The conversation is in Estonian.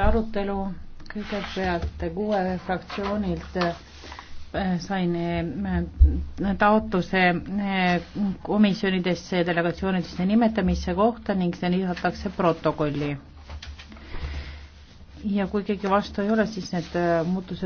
arutelu kõigepealt kuue fraktsioonilt äh, sain äh, taotluse äh, komisjonidesse ja delegatsioonidesse nimetamise kohta ning see lisatakse protokolli. ja kui keegi vastu ei ole, siis need muutused